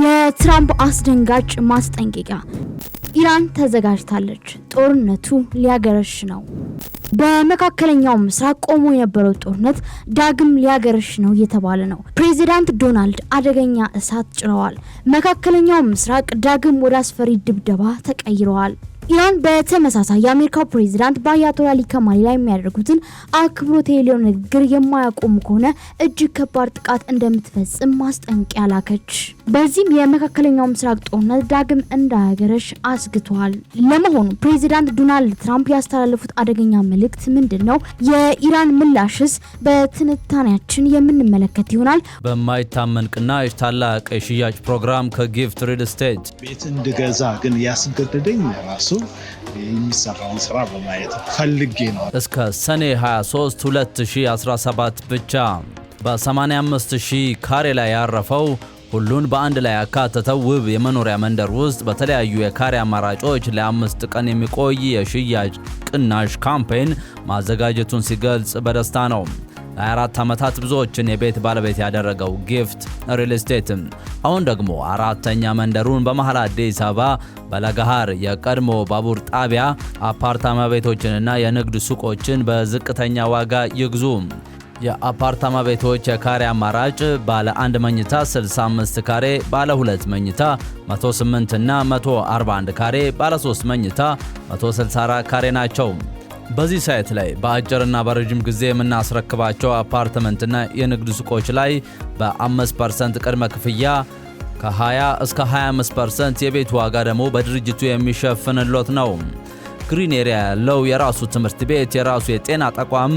የትራምፕ አስደንጋጭ ማስጠንቀቂያ። ኢራን ተዘጋጅታለች፣ ጦርነቱ ሊያገረሽ ነው። በመካከለኛው ምስራቅ ቆሞ የነበረው ጦርነት ዳግም ሊያገረሽ ነው እየተባለ ነው። ፕሬዚዳንት ዶናልድ አደገኛ እሳት ጭረዋል። መካከለኛው ምስራቅ ዳግም ወደ አስፈሪ ድብደባ ተቀይረዋል። ኢራን በተመሳሳይ የአሜሪካው ፕሬዚዳንት አሊ ከማሊ ላይ የሚያደርጉትን አክብሮት የሌለው ንግግር የማያቆሙ ከሆነ እጅግ ከባድ ጥቃት እንደምትፈጽም ማስጠንቀቂያ ላከች። በዚህም የመካከለኛው ምስራቅ ጦርነት ዳግም እንዳያገረሽ አስግቷል። ለመሆኑ ፕሬዚዳንት ዶናልድ ትራምፕ ያስተላለፉት አደገኛ መልእክት ምንድን ነው? የኢራን ምላሽስ በትንታኔያችን የምንመለከት ይሆናል። በማይታመን ቅናሽ ታላቅ የሽያጭ ፕሮግራም ከጊፍት ሪል ስቴት ቤት እንድገዛ ግን ያስገደደኝ ራሱ የሚሰራውን ስራ በማየት ፈልጌ ነው። እስከ ሰኔ 23 2017 ብቻ በ85000 ካሬ ላይ ያረፈው ሁሉን በአንድ ላይ ያካተተው ውብ የመኖሪያ መንደር ውስጥ በተለያዩ የካሬ አማራጮች ለአምስት ቀን የሚቆይ የሽያጭ ቅናሽ ካምፔን ማዘጋጀቱን ሲገልጽ በደስታ ነው። ለ24 ዓመታት ብዙዎችን የቤት ባለቤት ያደረገው ጊፍት ሪል ስቴት አሁን ደግሞ አራተኛ መንደሩን በመሃል አዲስ አበባ በለገሃር የቀድሞ ባቡር ጣቢያ አፓርታማ ቤቶችንና የንግድ ሱቆችን በዝቅተኛ ዋጋ ይግዙ። የአፓርታማ ቤቶች የካሬ አማራጭ ባለ 1 መኝታ 65 ካሬ፣ ባለ 2 መኝታ 108 እና 141 ካሬ፣ ባለ 3 መኝታ 164 ካሬ ናቸው። በዚህ ሳይት ላይ በአጭርና በረዥም ጊዜ የምናስረክባቸው አፓርትመንትና የንግድ ሱቆች ላይ በ5 ፐርሰንት ቅድመ ክፍያ ከ20 እስከ 25 ፐርሰንት የቤት ዋጋ ደግሞ በድርጅቱ የሚሸፍንሎት ነው። ግሪን ኤሪያ ያለው የራሱ ትምህርት ቤት፣ የራሱ የጤና ተቋም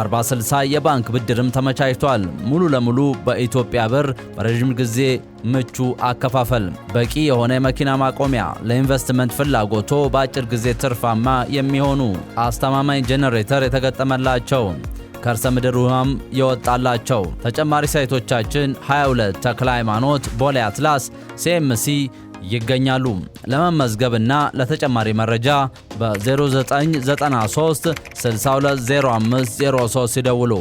460 የባንክ ብድርም ተመቻችቷል። ሙሉ ለሙሉ በኢትዮጵያ ብር በረዥም ጊዜ ምቹ አከፋፈል፣ በቂ የሆነ የመኪና ማቆሚያ፣ ለኢንቨስትመንት ፍላጎቶ በአጭር ጊዜ ትርፋማ የሚሆኑ አስተማማኝ ጄኔሬተር የተገጠመላቸው ከርሰ ምድር ውሃም የወጣላቸው ተጨማሪ ሳይቶቻችን 22 ተክለ ሃይማኖት፣ ቦሌ አትላስ፣ ሲኤምሲ ይገኛሉ። ለመመዝገብና ለተጨማሪ መረጃ በ0993 6205 03 ሲደውሉ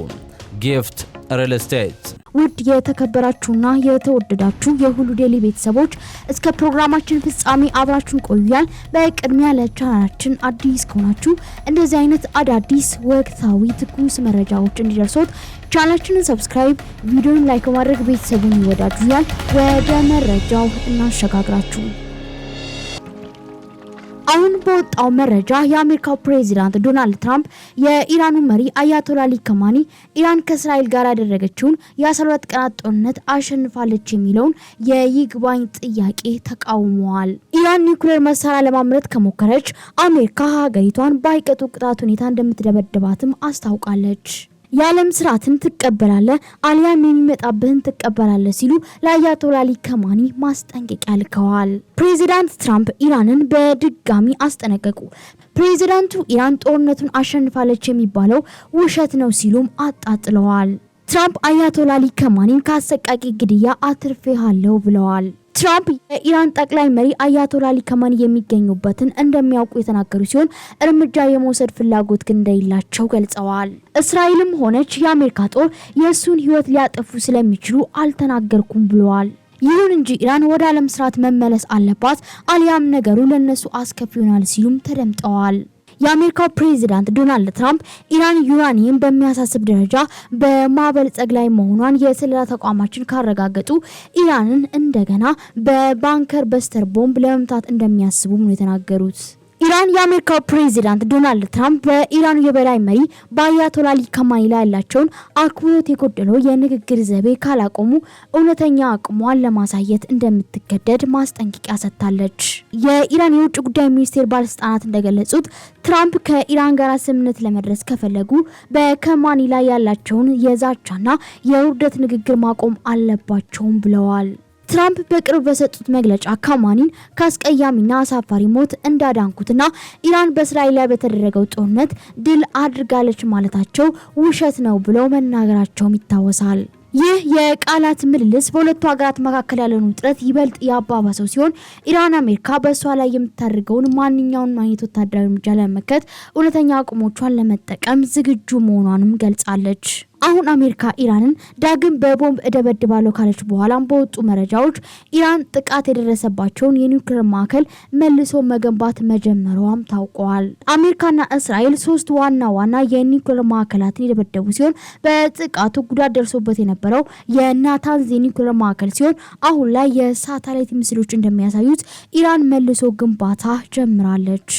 ጊፍት ሪል ስቴት። ውድ የተከበራችሁና የተወደዳችሁ የሁሉ ዴይሊ ቤተሰቦች እስከ ፕሮግራማችን ፍጻሜ አብራችሁን ቆያል። በቅድሚያ ለቻናላችን አዲስ ከሆናችሁ እንደዚህ አይነት አዳዲስ ወቅታዊ ትኩስ መረጃዎች እንዲደርሶት ቻናላችንን ሰብስክራይብ፣ ቪዲዮን ላይክ በማድረግ ቤተሰቡን ይወዳጁ። ያል ወደ መረጃው እናሸጋግራችሁ። አሁን በወጣው መረጃ የአሜሪካው ፕሬዚዳንት ዶናልድ ትራምፕ የኢራኑ መሪ አያቶላሊ ከማኒ ኢራን ከእስራኤል ጋር ያደረገችውን የ ቀናት ጦርነት አሸንፋለች የሚለውን የይግባኝ ጥያቄ ተቃውመዋል። ኢራን ኒውክሌር መሳሪያ ለማምረት ከሞከረች አሜሪካ ሀገሪቷን በአይቀጡ ቅጣት ሁኔታ እንደምትደበድባትም አስታውቃለች። የዓለም ስርዓትን ትቀበላለህ አሊያም የሚመጣብህን ትቀበላለህ ሲሉ ለአያቶላሊ ከማኒ ማስጠንቀቂያ ልከዋል። ፕሬዚዳንት ትራምፕ ኢራንን በድጋሚ አስጠነቀቁ። ፕሬዚዳንቱ ኢራን ጦርነቱን አሸንፋለች የሚባለው ውሸት ነው ሲሉም አጣጥለዋል። ትራምፕ አያቶላሊ ከማኒን ከአሰቃቂ ግድያ አትርፌሃለሁ ብለዋል። ትራምፕ የኢራን ጠቅላይ መሪ አያቶላ አሊ ከማኒ የሚገኙበትን እንደሚያውቁ የተናገሩ ሲሆን እርምጃ የመውሰድ ፍላጎት ግን እንደሌላቸው ገልጸዋል። እስራኤልም ሆነች የአሜሪካ ጦር የእሱን ሕይወት ሊያጠፉ ስለሚችሉ አልተናገርኩም ብለዋል። ይሁን እንጂ ኢራን ወደ ዓለም ስርዓት መመለስ አለባት፣ አሊያም ነገሩ ለእነሱ አስከፊ ይሆናል ሲሉም ተደምጠዋል። የአሜሪካው ፕሬዚዳንት ዶናልድ ትራምፕ ኢራን ዩራኒየም በሚያሳስብ ደረጃ በማበልጸግ ላይ መሆኗን የስለላ ተቋማችን ካረጋገጡ ኢራንን እንደገና በባንከር በስተር ቦምብ ለመምታት እንደሚያስቡም ነው የተናገሩት። ኢራን የአሜሪካው ፕሬዚዳንት ዶናልድ ትራምፕ በኢራኑ የበላይ መሪ በአያቶላሊ ከማኒ ላይ ያላቸውን አክብሮት የጎደለው የንግግር ዘቤ ካላቆሙ እውነተኛ አቅሟን ለማሳየት እንደምትገደድ ማስጠንቀቂያ ሰጥታለች። የኢራን የውጭ ጉዳይ ሚኒስቴር ባለስልጣናት እንደገለጹት ትራምፕ ከኢራን ጋር ስምምነት ለመድረስ ከፈለጉ በከማኒ ላይ ያላቸውን የዛቻና የውርደት ንግግር ማቆም አለባቸውም ብለዋል። ትራምፕ በቅርብ በሰጡት መግለጫ ካማኒን ከአስቀያሚና አሳፋሪ ሞት እንዳዳንኩትና ኢራን በእስራኤል ላይ በተደረገው ጦርነት ድል አድርጋለች ማለታቸው ውሸት ነው ብለው መናገራቸውም ይታወሳል። ይህ የቃላት ምልልስ በሁለቱ ሀገራት መካከል ያለውን ውጥረት ይበልጥ ያባባሰው ሲሆን ኢራን አሜሪካ በእሷ ላይ የምታደርገውን ማንኛውንም አይነት ወታደራዊ እርምጃ ለመመከት እውነተኛ አቅሞቿን ለመጠቀም ዝግጁ መሆኗንም ገልጻለች። አሁን አሜሪካ ኢራንን ዳግም በቦምብ እደበድባለሁ ካለች በኋላም በወጡ መረጃዎች ኢራን ጥቃት የደረሰባቸውን የኒውክሌር ማዕከል መልሶ መገንባት መጀመሯም ታውቋል። አሜሪካና እስራኤል ሶስት ዋና ዋና የኒውክሌር ማዕከላትን የደበደቡ ሲሆን በጥቃቱ ጉዳት ደርሶበት የነበረው የናታንዝ የኒውክሌር ማዕከል ሲሆን አሁን ላይ የሳተላይት ምስሎች እንደሚያሳዩት ኢራን መልሶ ግንባታ ጀምራለች።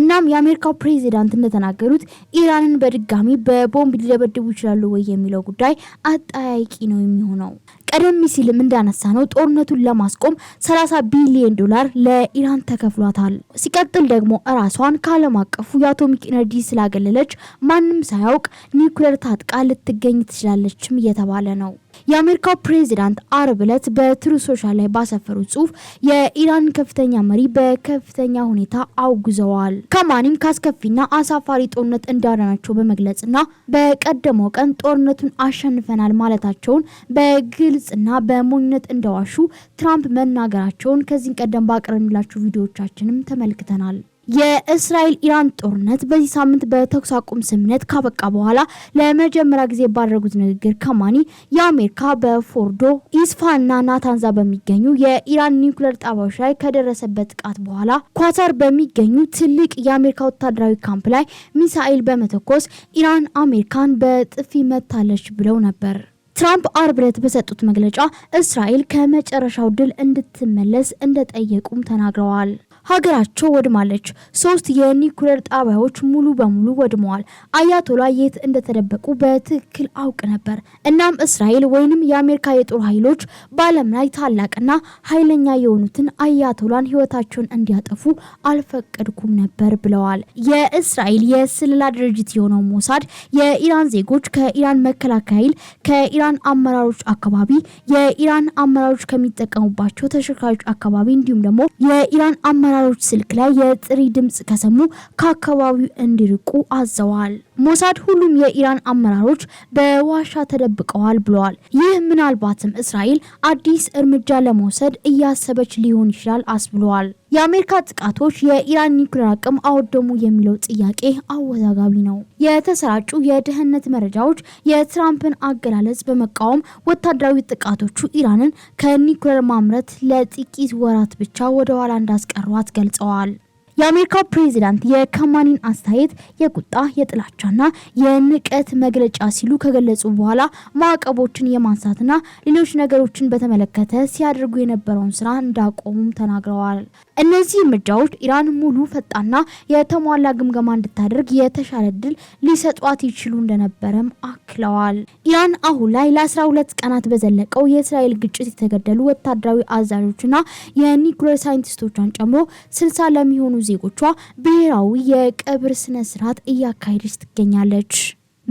እናም የአሜሪካው ፕሬዚዳንት እንደተናገሩት ኢራንን በድጋሚ በቦምብ ሊደበድቡ ይችላሉ ወይ የሚለው ጉዳይ አጠያያቂ ነው የሚሆነው። ቀደም ሲልም እንዳነሳ ነው ጦርነቱን ለማስቆም 30 ቢሊዮን ዶላር ለኢራን ተከፍሏታል። ሲቀጥል ደግሞ እራሷን ከዓለም አቀፉ የአቶሚክ ኤነርጂ ስላገለለች ማንም ሳያውቅ ኒውክሌር ታጥቃ ልትገኝ ትችላለችም እየተባለ ነው። የአሜሪካው ፕሬዚዳንት አርብ ዕለት በትሩ ሶሻል ላይ ባሰፈሩ ጽሁፍ የኢራን ከፍተኛ መሪ በከፍተኛ ሁኔታ አውግዘዋል። ከማኒም ካስከፊና አሳፋሪ ጦርነት እንዳዳናቸው በመግለጽና በቀደመው ቀን ጦርነቱን አሸንፈናል ማለታቸውን በግልጽና በሞኝነት እንደዋሹ ትራምፕ መናገራቸውን ከዚህ ቀደም ባቀረብንላችሁ ቪዲዮዎቻችንም ተመልክተናል። የእስራኤል ኢራን ጦርነት በዚህ ሳምንት በተኩስ አቁም ስምምነት ካበቃ በኋላ ለመጀመሪያ ጊዜ ባደረጉት ንግግር ከማኒ የአሜሪካ በፎርዶ ኢስፋና ናታንዛ በሚገኙ የኢራን ኒውክሌር ጣቢያዎች ላይ ከደረሰበት ጥቃት በኋላ ኳታር በሚገኙ ትልቅ የአሜሪካ ወታደራዊ ካምፕ ላይ ሚሳኤል በመተኮስ ኢራን አሜሪካን በጥፊ መታለች ብለው ነበር። ትራምፕ አርብ ዕለት በሰጡት መግለጫ እስራኤል ከመጨረሻው ድል እንድትመለስ እንደጠየቁም ተናግረዋል። ሀገራቸው ወድማለች። ሶስት የኒኩሌር ጣቢያዎች ሙሉ በሙሉ ወድመዋል። አያቶላ የት እንደተደበቁ በትክክል አውቅ ነበር። እናም እስራኤል ወይንም የአሜሪካ የጦር ኃይሎች በዓለም ላይ ታላቅና ኃይለኛ የሆኑትን አያቶላን ህይወታቸውን እንዲያጠፉ አልፈቀድኩም ነበር ብለዋል። የእስራኤል የስለላ ድርጅት የሆነው ሞሳድ የኢራን ዜጎች ከኢራን መከላከያ ኃይል፣ ከኢራን አመራሮች አካባቢ፣ የኢራን አመራሮች ከሚጠቀሙባቸው ተሽከርካሪዎች አካባቢ እንዲሁም ደግሞ የኢራን አመራ አመራሮች ስልክ ላይ የጥሪ ድምፅ ከሰሙ ከአካባቢው እንዲርቁ አዘዋል። ሞሳድ ሁሉም የኢራን አመራሮች በዋሻ ተደብቀዋል ብለዋል። ይህ ምናልባትም እስራኤል አዲስ እርምጃ ለመውሰድ እያሰበች ሊሆን ይችላል አስብለዋል። የአሜሪካ ጥቃቶች የኢራን ኒውክሌር አቅም አወደሙ የሚለው ጥያቄ አወዛጋቢ ነው። የተሰራጩ የደህንነት መረጃዎች የትራምፕን አገላለጽ በመቃወም ወታደራዊ ጥቃቶቹ ኢራንን ከኒውክሌር ማምረት ለጥቂት ወራት ብቻ ወደ ኋላ እንዳስቀሯት ገልጸዋል። የአሜሪካው ፕሬዚዳንት የካማኒን አስተያየት የቁጣ የጥላቻና የንቀት መግለጫ ሲሉ ከገለጹ በኋላ ማዕቀቦችን የማንሳትና ሌሎች ነገሮችን በተመለከተ ሲያደርጉ የነበረውን ስራ እንዳቆሙም ተናግረዋል። እነዚህ እርምጃዎች ኢራን ሙሉ ፈጣንና የተሟላ ግምገማ እንድታደርግ የተሻለ እድል ሊሰጧት ይችሉ እንደነበረም አክለዋል። ኢራን አሁን ላይ ለ12 ቀናት በዘለቀው የእስራኤል ግጭት የተገደሉ ወታደራዊ አዛዦችና የኒኩሌር ሳይንቲስቶቿን ጨምሮ 60 ለሚሆኑ ዜጎቿ ብሔራዊ የቀብር ስነ ስርዓት እያካሄደች ትገኛለች።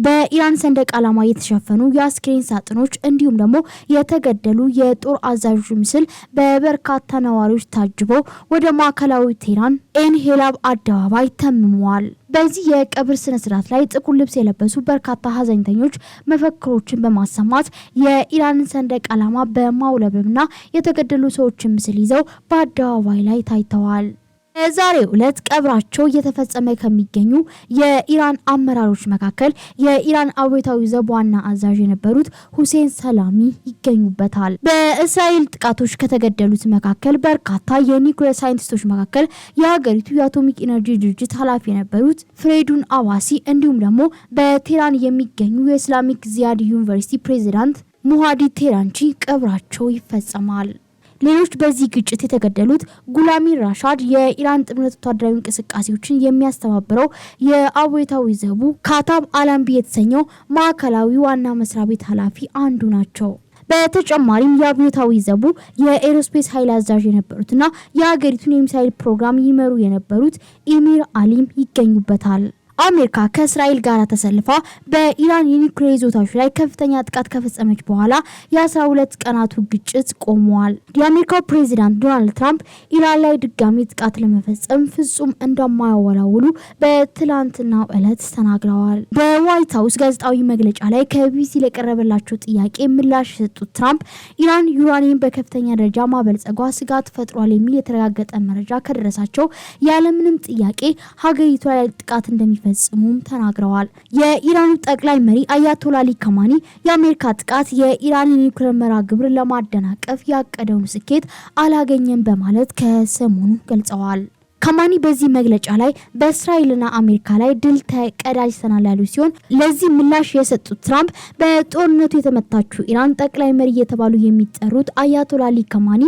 በኢራን ሰንደቅ ዓላማ የተሸፈኑ የአስክሬን ሳጥኖች እንዲሁም ደግሞ የተገደሉ የጦር አዛዦች ምስል በበርካታ ነዋሪዎች ታጅበው ወደ ማዕከላዊ ቴህራን ኤንሄላብ አደባባይ ተምመዋል። በዚህ የቀብር ስነ ስርዓት ላይ ጥቁር ልብስ የለበሱ በርካታ ሀዘንተኞች መፈክሮችን በማሰማት የኢራንን ሰንደቅ ዓላማ በማውለብና የተገደሉ ሰዎችን ምስል ይዘው በአደባባይ ላይ ታይተዋል። በዛሬው ዕለት ቀብራቸው እየተፈጸመ ከሚገኙ የኢራን አመራሮች መካከል የኢራን አብዮታዊ ዘብ ዋና አዛዥ የነበሩት ሁሴን ሰላሚ ይገኙበታል። በእስራኤል ጥቃቶች ከተገደሉት መካከል በርካታ የኒኩሌር ሳይንቲስቶች መካከል የሀገሪቱ የአቶሚክ ኢነርጂ ድርጅት ኃላፊ የነበሩት ፍሬዱን አባሲ እንዲሁም ደግሞ በቴራን የሚገኙ የኢስላሚክ ዚያድ ዩኒቨርሲቲ ፕሬዚዳንት ሙሃዲ ቴራንቺ ቀብራቸው ይፈጸማል። ሌሎች በዚህ ግጭት የተገደሉት ጉላሚ ራሻድ የኢራን ጥምረት ወታደራዊ እንቅስቃሴዎችን የሚያስተባብረው የአብዮታዊ ዘቡ ካታም አላምቢ የተሰኘው ማዕከላዊ ዋና መስሪያ ቤት ኃላፊ አንዱ ናቸው። በተጨማሪም የአብዮታዊ ዘቡ የኤሮስፔስ ኃይል አዛዥ የነበሩትና የሀገሪቱን የሚሳይል ፕሮግራም ይመሩ የነበሩት ኢሚር አሊም ይገኙበታል። አሜሪካ ከእስራኤል ጋር ተሰልፋ በኢራን የኒውክሌር ይዞታዎች ላይ ከፍተኛ ጥቃት ከፈጸመች በኋላ የአስራ ሁለት ቀናቱ ግጭት ቆመዋል። የአሜሪካው ፕሬዚዳንት ዶናልድ ትራምፕ ኢራን ላይ ድጋሚ ጥቃት ለመፈጸም ፍጹም እንደማያወላውሉ በትላንትናው ዕለት ተናግረዋል። በዋይት ሀውስ ጋዜጣዊ መግለጫ ላይ ከቢቢሲ ለቀረበላቸው ጥያቄ ምላሽ የሰጡት ትራምፕ ኢራን ዩራኒየም በከፍተኛ ደረጃ ማበልጸጓ ስጋት ፈጥሯል የሚል የተረጋገጠ መረጃ ከደረሳቸው ያለምንም ጥያቄ ሀገሪቷ ላይ ጥቃት እንደሚፈ እንደሚፈጽሙም ተናግረዋል። የኢራኑ ጠቅላይ መሪ አያቶላሊ ከማኒ የአሜሪካ ጥቃት የኢራን የኒውክሌር መርሃ ግብር ለማደናቀፍ ያቀደውን ስኬት አላገኘም በማለት ከሰሞኑ ገልጸዋል። ካማኒ በዚህ መግለጫ ላይ በእስራኤልና አሜሪካ ላይ ድል ተቀዳጅተናል ያሉ ሲሆን ለዚህ ምላሽ የሰጡት ትራምፕ በጦርነቱ የተመታችው ኢራን ጠቅላይ መሪ እየተባሉ የሚጠሩት አያቶላ አሊ ካማኒ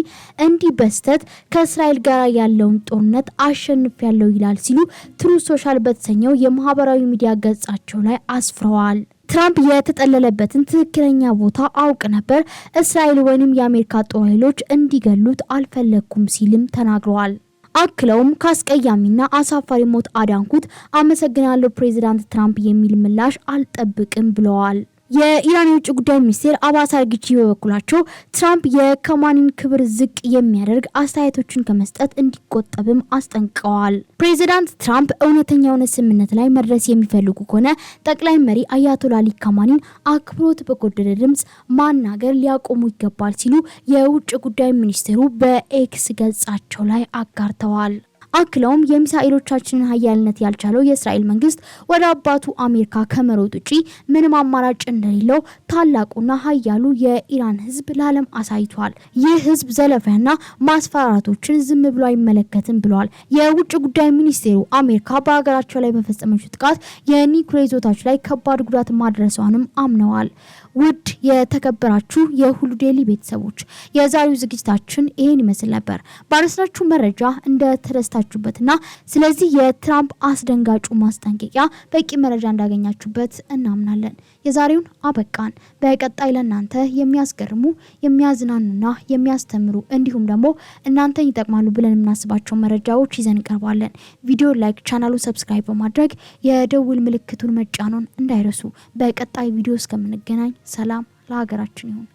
እንዲህ በስተት ከእስራኤል ጋር ያለውን ጦርነት አሸንፍ ያለው ይላል ሲሉ ትሩ ሶሻል በተሰኘው የማህበራዊ ሚዲያ ገጻቸው ላይ አስፍረዋል። ትራምፕ የተጠለለበትን ትክክለኛ ቦታ አውቅ ነበር፣ እስራኤል ወይንም የአሜሪካ ጦር ኃይሎች እንዲገሉት አልፈለግኩም ሲልም ተናግረዋል። አክለውም ከአስቀያሚና አሳፋሪ ሞት አዳንኩት፣ አመሰግናለሁ ፕሬዚዳንት ትራምፕ የሚል ምላሽ አልጠብቅም ብለዋል። የኢራን የውጭ ጉዳይ ሚኒስቴር አባስ አራግቺ በበኩላቸው ትራምፕ የከማኒን ክብር ዝቅ የሚያደርግ አስተያየቶችን ከመስጠት እንዲቆጠብም አስጠንቀዋል። ፕሬዚዳንት ትራምፕ እውነተኛ እውነት ስምምነት ላይ መድረስ የሚፈልጉ ከሆነ ጠቅላይ መሪ አያቶላ አሊ ካማኒን አክብሮት በጎደለ ድምፅ ማናገር ሊያቆሙ ይገባል ሲሉ የውጭ ጉዳይ ሚኒስቴሩ በኤክስ ገጻቸው ላይ አጋርተዋል። አክለውም የሚሳኤሎቻችንን ሀያልነት ያልቻለው የእስራኤል መንግስት ወደ አባቱ አሜሪካ ከመሮጥ ውጪ ምንም አማራጭ እንደሌለው ታላቁና ሀያሉ የኢራን ህዝብ ለዓለም አሳይቷል። ይህ ህዝብ ዘለፋና ማስፈራራቶችን ዝም ብሎ አይመለከትም ብለዋል። የውጭ ጉዳይ ሚኒስቴሩ አሜሪካ በሀገራቸው ላይ በፈጸመችው ጥቃት የኒኩሌር ይዞታዎች ላይ ከባድ ጉዳት ማድረሷንም አምነዋል። ውድ የተከበራችሁ የሁሉ ዴይሊ ቤተሰቦች የዛሬው ዝግጅታችን ይህን ይመስል ነበር። ባለስናችሁ መረጃ እንደተደስታችሁበትና ስለዚህ የትራምፕ አስደንጋጩ ማስጠንቀቂያ በቂ መረጃ እንዳገኛችሁበት እናምናለን። የዛሬውን አበቃን። በቀጣይ ለእናንተ የሚያስገርሙ የሚያዝናኑና የሚያስተምሩ እንዲሁም ደግሞ እናንተን ይጠቅማሉ ብለን የምናስባቸው መረጃዎች ይዘን እንቀርባለን። ቪዲዮ ላይክ፣ ቻናሉን ሰብስክራይብ በማድረግ የደውል ምልክቱን መጫኖን እንዳይረሱ። በቀጣይ ቪዲዮ እስከምንገናኝ ሰላም ለሀገራችን ይሁን።